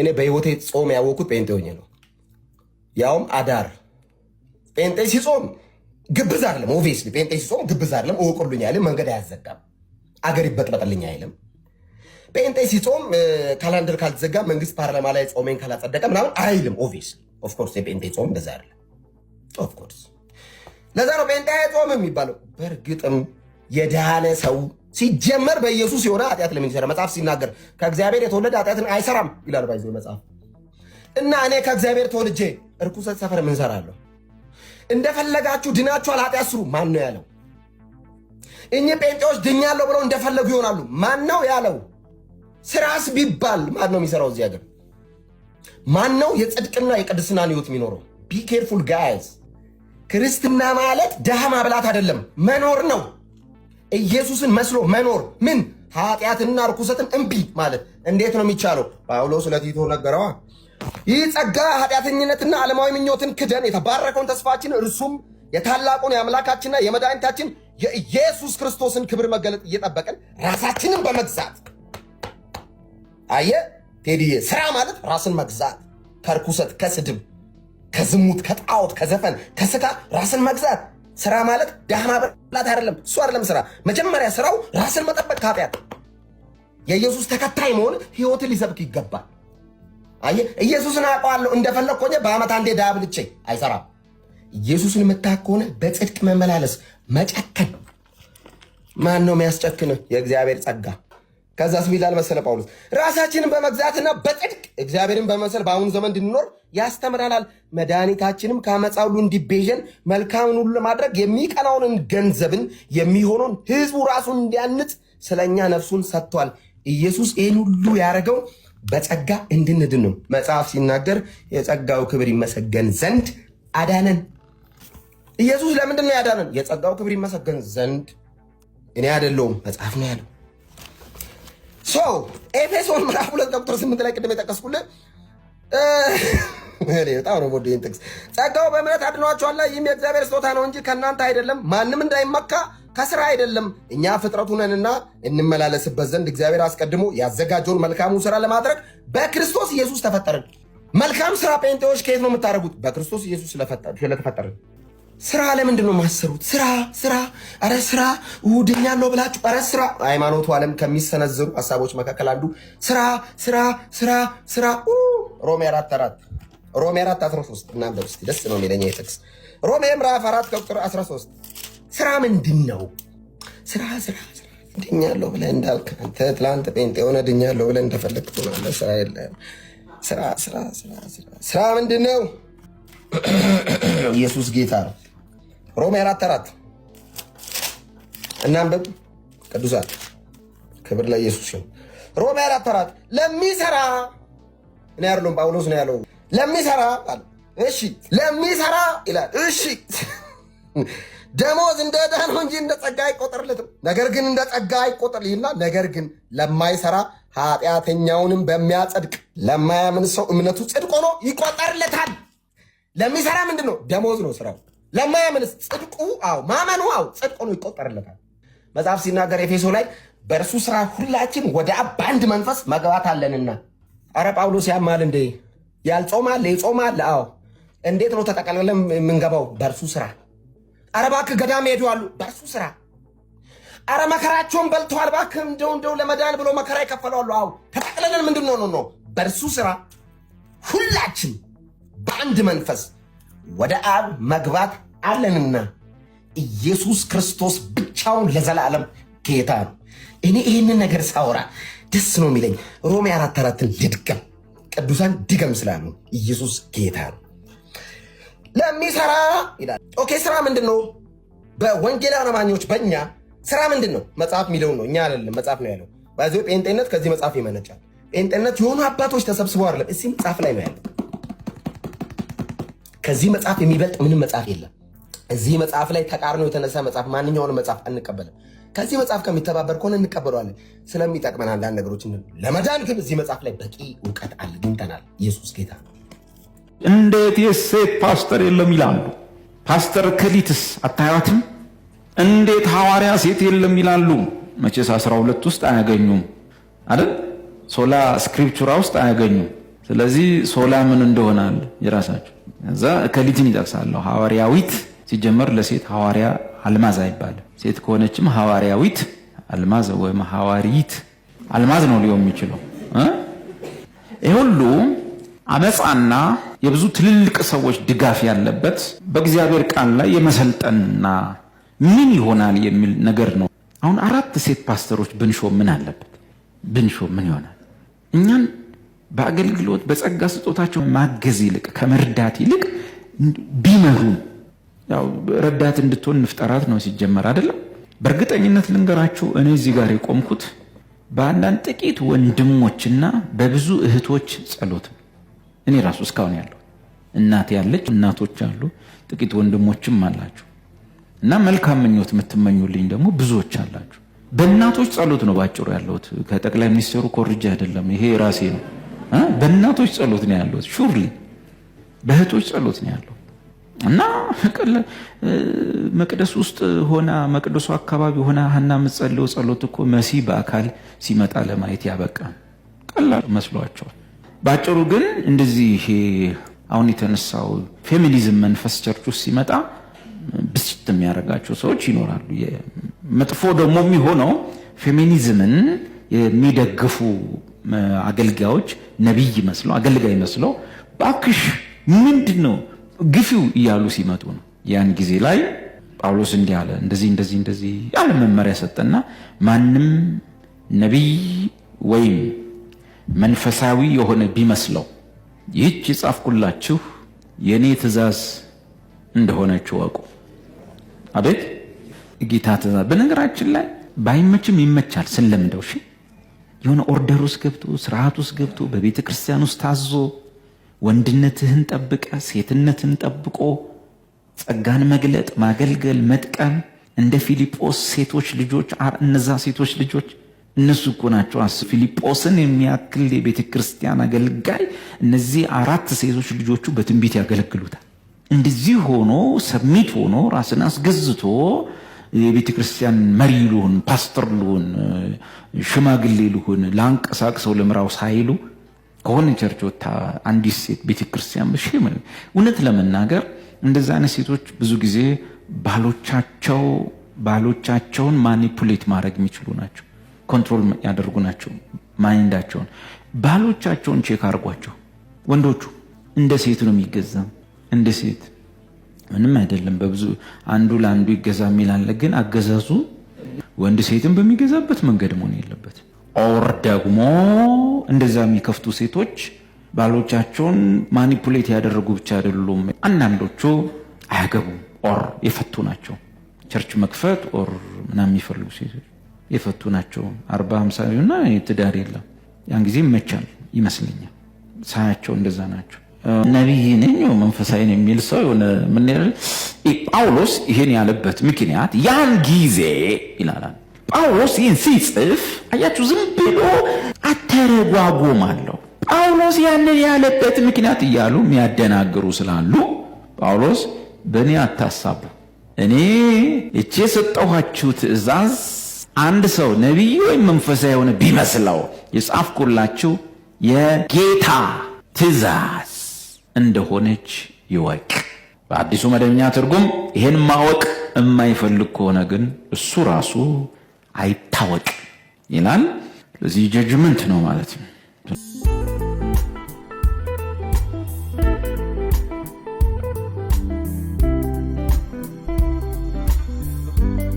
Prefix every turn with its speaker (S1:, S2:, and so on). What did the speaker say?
S1: እኔ በህይወቴ ጾም ያወቅኩት ጴንጤ ሆኜ ነው። ያውም አዳር ጴንጤ ሲጾም ግብዝ አይደለም። ኦቪየስሊ ጴንጤ ሲጾም ግብዝ አይደለም። እወቁልኝ አይልም። መንገድ አያዘጋም። አገር ይበጥበጥልኝ አይልም። ጴንጤ ሲጾም ካላንደር ካልተዘጋ መንግስት ፓርላማ ላይ ጾሜን ካላጸደቀ ምናምን አይልም። ኦቪየስሊ ኦፍኮርስ የጴንጤ ጾም እንደዛ አይደለም። ኦፍኮርስ ለዛ ነው ጴንጤ ጾም የሚባለው። በእርግጥም የዳነ ሰው ሲጀመር በኢየሱስ የሆነ ኃጢአት ለምን ይሰራ? መጽሐፍ ሲናገር ከእግዚአብሔር የተወለደ ኃጢአትን አይሰራም ይላል። ባይዘ መጽሐፍ እና እኔ ከእግዚአብሔር ተወልጄ እርኩሰት ሰፈር ምን ሰራለሁ? እንደፈለጋችሁ ድናችኋል፣ ኃጢአት ስሩ ማን ነው ያለው? እኚህ ጴንጤዎች ድኛለሁ ብለው እንደፈለጉ ይሆናሉ። ማን ነው ያለው? ስራስ ቢባል ማን ነው የሚሰራው? እዚህ ሀገር ማን ነው የጽድቅና የቅድስና ህይወት የሚኖረው? ቢ ኬርፉል ጋይዝ። ክርስትና ማለት ድሃ ማብላት አይደለም፣ መኖር ነው። ኢየሱስን መስሎ መኖር ምን ኃጢአትና ርኩሰትን እምቢ ማለት እንዴት ነው የሚቻለው? ጳውሎስ ለቲቶ ነገረዋ። ይህ ጸጋ ኃጢአተኝነትና ዓለማዊ ምኞትን ክደን የተባረከውን ተስፋችን እርሱም የታላቁን የአምላካችንና የመድኃኒታችን የኢየሱስ ክርስቶስን ክብር መገለጥ እየጠበቀን ራሳችንን በመግዛት አየ ቴዲዬ፣ ስራ ማለት ራስን መግዛት ከርኩሰት፣ ከስድብ፣ ከዝሙት፣ ከጣዖት፣ ከዘፈን፣ ከስካ ራስን መግዛት ስራ ማለት ድሃ ማብላት አይደለም። እሱ አይደለም ስራ። መጀመሪያ ስራው ራስን መጠበቅ ከኃጢአት የኢየሱስ ተከታይ መሆን ህይወትን ሊሰብክ ይገባል። አየ ኢየሱስን አውቀዋለሁ እንደፈለግ ከሆነ በአመት አንዴ ድሃ ብልቼ አይሰራም። ኢየሱስን የምታውቅ ከሆነ በጽድቅ መመላለስ፣ መጨከን። ማን ነው የሚያስጨክን? የእግዚአብሔር ጸጋ ከዛስ ሚላል መሰለ ጳውሎስ ራሳችንን በመግዛትና በጽድቅ እግዚአብሔርን በመምሰል በአሁኑ ዘመን እንድንኖር ያስተምረናል። መድኃኒታችንም ከዓመፃ ሁሉ እንዲቤዠን መልካምን ሁሉ ለማድረግ የሚቀናውንን ገንዘብን የሚሆነውን ህዝቡ ራሱን እንዲያንጽ ስለኛ ነፍሱን ሰጥቷል። ኢየሱስ ይህን ሁሉ ያደረገው በጸጋ እንድንድን ነው። መጽሐፍ ሲናገር የጸጋው ክብር ይመሰገን ዘንድ አዳነን። ኢየሱስ ለምንድን ነው ያዳነን? የጸጋው ክብር ይመሰገን ዘንድ። እኔ አይደለሁም መጽሐፍ ነው ያለው። ሰው ኤፌሶን ምዕራፍ ሁለት ቁጥር ስምንት ላይ ቅድም የጠቀስኩልን በጣም ነው ቦዶ ይህን ጥቅስ ጸጋው በእምነት አድኗቸኋላ ይህም የእግዚአብሔር ስጦታ ነው እንጂ ከእናንተ አይደለም፣ ማንም እንዳይመካ ከስራ አይደለም። እኛ ፍጥረቱ ነንና እንመላለስበት ዘንድ እግዚአብሔር አስቀድሞ ያዘጋጀውን መልካሙን ስራ ለማድረግ በክርስቶስ ኢየሱስ ተፈጠርን። መልካም ስራ ጴንጤዎች ከየት ነው የምታደርጉት? በክርስቶስ ኢየሱስ ስለተፈጠርን ስራ ለምንድን ነው የማሰሩት? ስራ ስራ፣ አረ ስራ ውድኛ ነው ብላችሁ አረ ስራ። ሃይማኖቱ ዓለም ከሚሰነዘሩ ሀሳቦች መካከል አንዱ ስራ ስራ ስራ ስራ። ሮሜ አራት አራት ሮሜ አራት አስራ ሶስት እናንተ ውስጥ ደስ ነው የሚለኝ የጥቅስ ሮሜ ምዕራፍ አራት ቁጥር አስራ ሶስት ስራ ምንድን ነው? ስራ ስራ ድኛለሁ ብለህ እንዳልክ አንተ ትላንት ጴንጤ የሆነ ድኛለሁ ብለህ እንደፈለግ ትሆናለህ። ስራ የለም። ስራ ስራ ስራ ስራ ምንድን ነው? ኢየሱስ ጌታ ነው። ሮሜ አራት አራት እናንብብ። ቅዱሳት ክብር ለኢየሱስ ይሁን። ሮሜ አራት አራት ለሚሰራ እኔ አይደለሁም ጳውሎስ ነው ያለው። ለሚሰራ እሺ፣ ለሚሰራ ይላል። እሺ ደሞዝ እንደ ዕዳ ነው እንጂ እንደ ጸጋ አይቆጠርለትም። ነገር ግን እንደ ጸጋ አይቆጠር ይላል ነገር ግን ለማይሰራ ኃጢአተኛውንም በሚያጸድቅ ለማያምን ሰው እምነቱ ጽድቅ ሆኖ ይቆጠርለታል። ለሚሰራ ምንድን ነው? ደሞዝ ነው ስራው። ለማያምንስ ጽድቁ አው ማመኑ አው ጽድቁ ነው ይቆጠርለታል። መጽሐፍ ሲናገር ኤፌሶ ላይ በእርሱ ስራ ሁላችን ወደ አብ በአንድ መንፈስ መግባት አለንና። አረ ጳውሎስ ያማል እንዴ! ያልጾማል ይጾማል። አዎ እንዴት ነው ተጠቅልለን የምንገባው? በእርሱ ስራ። አረ እባክህ ገዳም ሄዱ አሉ። በእርሱ ስራ። አረ መከራቸውን በልተዋል። እባክህ እንደው እንደው ለመዳን ብሎ መከራ የከፈሉ አሉ። አዎ ተጠቅልለን ምንድን ነው ነው በእርሱ ስራ ሁላችን በአንድ መንፈስ ወደ አብ መግባት አለንና ኢየሱስ ክርስቶስ ብቻውን ለዘላለም ጌታ ነው። እኔ ይህንን ነገር ሳወራ ደስ ነው የሚለኝ። ሮሜ አራት አራትን ልድገም፣ ቅዱሳን ድገም ስላሉ ኢየሱስ ጌታ ነው። ለሚሰራ ይላል። ኦኬ፣ ስራ ምንድን ነው? በወንጌል አማኞች በእኛ ስራ ምንድን ነው? መጽሐፍ የሚለው ነው፣ እኛ አይደለም መጽሐፍ ነው ያለው። ጴንጤነት ከዚህ መጽሐፍ ይመነጫል። ጴንጤነት የሆኑ አባቶች ተሰብስበው አይደለም፣ እዚህ መጽሐፍ ላይ ነው ያለው። ከዚህ መጽሐፍ የሚበልጥ ምንም መጽሐፍ የለም። እዚህ መጽሐፍ ላይ ተቃርኖ የተነሳ መጽሐፍ ማንኛውንም መጽሐፍ አንቀበልም። ከዚህ መጽሐፍ ከሚተባበር ከሆነ እንቀበለዋለን። ስለሚጠቅመን አንዳንድ ነገሮች ለመዳን ግን እዚህ መጽሐፍ ላይ በቂ እውቀት አግኝተናል። ኢየሱስ ጌታ።
S2: እንዴት የሴት ፓስተር የለም ይላሉ? ፓስተር ከሊትስ አታያትም? እንዴት ሐዋርያ ሴት የለም ይላሉ? መቼስ አስራ ሁለት ውስጥ አያገኙም አይደል? ሶላ ስክሪፕቹራ ውስጥ አያገኙም። ስለዚህ ሶላ ምን እንደሆናል የራሳቸው እዛ ከሊትን ይጠቅሳለሁ። ሐዋርያዊት ሲጀመር ለሴት ሐዋርያ አልማዝ አይባልም። ሴት ከሆነችም ሐዋርያዊት አልማዝ ወይም ሐዋርይት አልማዝ ነው ሊሆን የሚችለው። ይህ ሁሉ አመፃና የብዙ ትልልቅ ሰዎች ድጋፍ ያለበት በእግዚአብሔር ቃል ላይ የመሰልጠንና ምን ይሆናል የሚል ነገር ነው። አሁን አራት ሴት ፓስተሮች ብንሾ ምን አለበት? ብንሾ ምን ይሆናል? እኛን በአገልግሎት በጸጋ ስጦታቸው ማገዝ ይልቅ ከመርዳት ይልቅ ቢመሩን ያው ረዳት እንድትሆን ንፍጠራት ነው ሲጀመር አይደለም። በእርግጠኝነት ልንገራችሁ እኔ እዚህ ጋር የቆምኩት በአንዳንድ ጥቂት ወንድሞችና በብዙ እህቶች ጸሎት እኔ ራሱ እስካሁን ያለው እናት ያለች እናቶች አሉ፣ ጥቂት ወንድሞችም አላችሁ እና መልካም ምኞት የምትመኙልኝ ደግሞ ብዙዎች አላችሁ። በእናቶች ጸሎት ነው ባጭሩ ያለሁት። ከጠቅላይ ሚኒስትሩ ኮርጃ አይደለም፣ ይሄ ራሴ ነው። በእናቶች ጸሎት ነው ያለው፣ ሹርሊ በእህቶች ጸሎት ነው ያለው እና መቅደስ ውስጥ ሆና መቅደሱ አካባቢ ሆና ሀና የምትጸልየው ጸሎት እኮ መሲ በአካል ሲመጣ ለማየት ያበቃ ቀላል መስሏቸዋል። በአጭሩ ግን እንደዚህ ይሄ አሁን የተነሳው ፌሚኒዝም መንፈስ ቸርች ውስጥ ሲመጣ ብስጭት የሚያደርጋቸው ሰዎች ይኖራሉ። መጥፎ ደግሞ የሚሆነው ፌሚኒዝምን የሚደግፉ አገልጋዮች ነቢይ መስለው አገልጋይ መስለው ባክሽ ምንድን ነው ግፊው እያሉ ሲመጡ ነው። ያን ጊዜ ላይ ጳውሎስ እንዲህ አለ፣ እንደዚህ እንደዚህ እንደዚህ ያለ መመሪያ ሰጠና ማንም ነቢይ ወይም መንፈሳዊ የሆነ ቢመስለው ይህች የጻፍኩላችሁ የእኔ ትእዛዝ እንደሆነች ወቁ። አቤት ጌታ ትእዛዝ። በነገራችን ላይ ባይመችም ይመቻል ስለምደው የሆነ ኦርደር ውስጥ ገብቶ ስርዓት ውስጥ ገብቶ በቤተ ክርስቲያን ውስጥ ታዞ ወንድነትህን ጠብቀ ሴትነትን ጠብቆ ጸጋን መግለጥ፣ ማገልገል፣ መጥቀም እንደ ፊልጶስ ሴቶች ልጆች እነዛ ሴቶች ልጆች እነሱ እኮ ናቸው። አስ ፊልጶስን የሚያክል የቤተ ክርስቲያን አገልጋይ እነዚህ አራት ሴቶች ልጆቹ በትንቢት ያገለግሉታል። እንደዚህ ሆኖ ሰሚት ሆኖ ራስን አስገዝቶ የቤተ ክርስቲያን መሪ ልሁን፣ ፓስተር ልሁን፣ ሽማግሌ ልሁን፣ ላንቀሳቅሰው ልምራው ሳይሉ ከሆነ ቸርች ወታ አንዲት ሴት ቤተ ክርስቲያን በሽ እውነት ለመናገር እንደዛ አይነት ሴቶች ብዙ ጊዜ ባሎቻቸው ባሎቻቸውን ማኒፑሌት ማድረግ የሚችሉ ናቸው። ኮንትሮል ያደርጉ ናቸው ማይንዳቸውን። ባሎቻቸውን ቼክ አድርጓቸው። ወንዶቹ እንደ ሴት ነው የሚገዛ እንደ ሴት ምንም አይደለም። በብዙ አንዱ ለአንዱ ይገዛ የሚል አለ። ግን አገዛዙ ወንድ ሴትን በሚገዛበት መንገድ መሆን የለበት። ኦር ደግሞ እንደዛ የሚከፍቱ ሴቶች ባሎቻቸውን ማኒፑሌት ያደረጉ ብቻ አይደሉም። አንዳንዶቹ አያገቡም ኦር የፈቱ ናቸው። ቸርች መክፈት ኦር ምናምን የሚፈልጉ ሴቶች የፈቱ ናቸው። አርባ ሃምሳ ቢሆንና ትዳር የለም ያን ጊዜ መቻል ይመስለኛል። ሳያቸው እንደዛ ናቸው። ነቢይ ነኝ መንፈሳዊ ነኝ የሚል ሰው የሆነ ምን ጳውሎስ ይሄን ያለበት ምክንያት ያን ጊዜ ይላል። ጳውሎስ ይህን ሲጽፍ አያችሁ፣ ዝም ብሎ አለው። ጳውሎስ ያንን ያለበት ምክንያት እያሉ የሚያደናግሩ ስላሉ ጳውሎስ በእኔ አታሳቡ፣ እኔ እቼ የሰጠኋችሁ ትእዛዝ አንድ ሰው ነቢይ ወይም መንፈሳዊ የሆነ ቢመስለው የጻፍኩላችሁ የጌታ ትእዛዝ እንደሆነች ይወቅ። በአዲሱ መደበኛ ትርጉም ይህን ማወቅ የማይፈልግ ከሆነ ግን እሱ ራሱ አይታወቅ ይላል። ለዚህ ጀጅመንት ነው ማለት ነው።